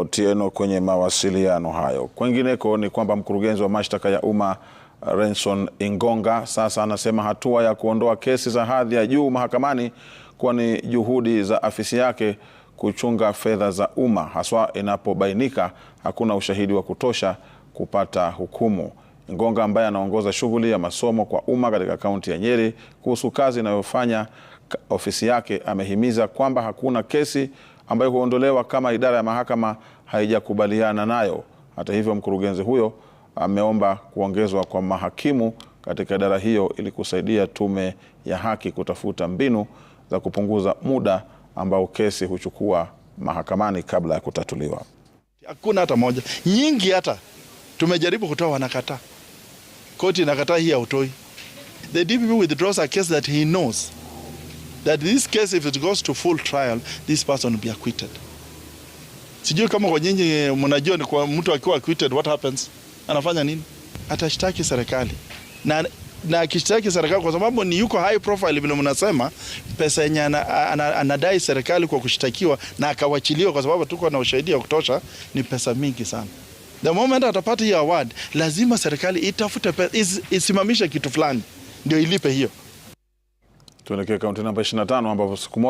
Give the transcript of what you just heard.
Otieno kwenye mawasiliano hayo. Kwingineko ni kwamba mkurugenzi wa mashtaka ya umma uh, Renson Ingonga sasa anasema hatua ya kuondoa kesi za hadhi ya juu mahakamani kuwa ni juhudi za afisi yake kuchunga fedha za umma, haswa inapobainika hakuna ushahidi wa kutosha kupata hukumu. ngonga ambaye anaongoza shughuli ya masomo kwa umma katika kaunti ya Nyeri kuhusu kazi inayofanya ofisi yake, amehimiza kwamba hakuna kesi ambayo huondolewa kama idara ya mahakama haijakubaliana nayo. Hata hivyo, mkurugenzi huyo ameomba kuongezwa kwa mahakimu katika idara hiyo ili kusaidia tume ya haki kutafuta mbinu za kupunguza muda ambao kesi huchukua mahakamani kabla ya kutatuliwa. Hakuna hata moja, nyingi hata tumejaribu kutoa, wanakataa. Koti inakataa, hii hautoi. The DPP withdraws a case that he knows that this case if it goes to full trial this person will be acquitted. Sijui kama kwa nyinyi mnajua ni kwa mtu akiwa acquitted what happens? Anafanya nini? Atashtaki serikali na na akishtaki serikali kwa sababu ni yuko high profile, vile mnasema, pesa yenye anadai serikali kwa kushtakiwa na akawachiliwa, kwa sababu tuko na ushahidi wa kutosha, ni pesa mingi sana. The moment atapata hiyo award, lazima serikali itafute pesa, isimamishe kitu fulani ndio ilipe hiyo. Tuelekee kaunti namba 25 ambapo siku moja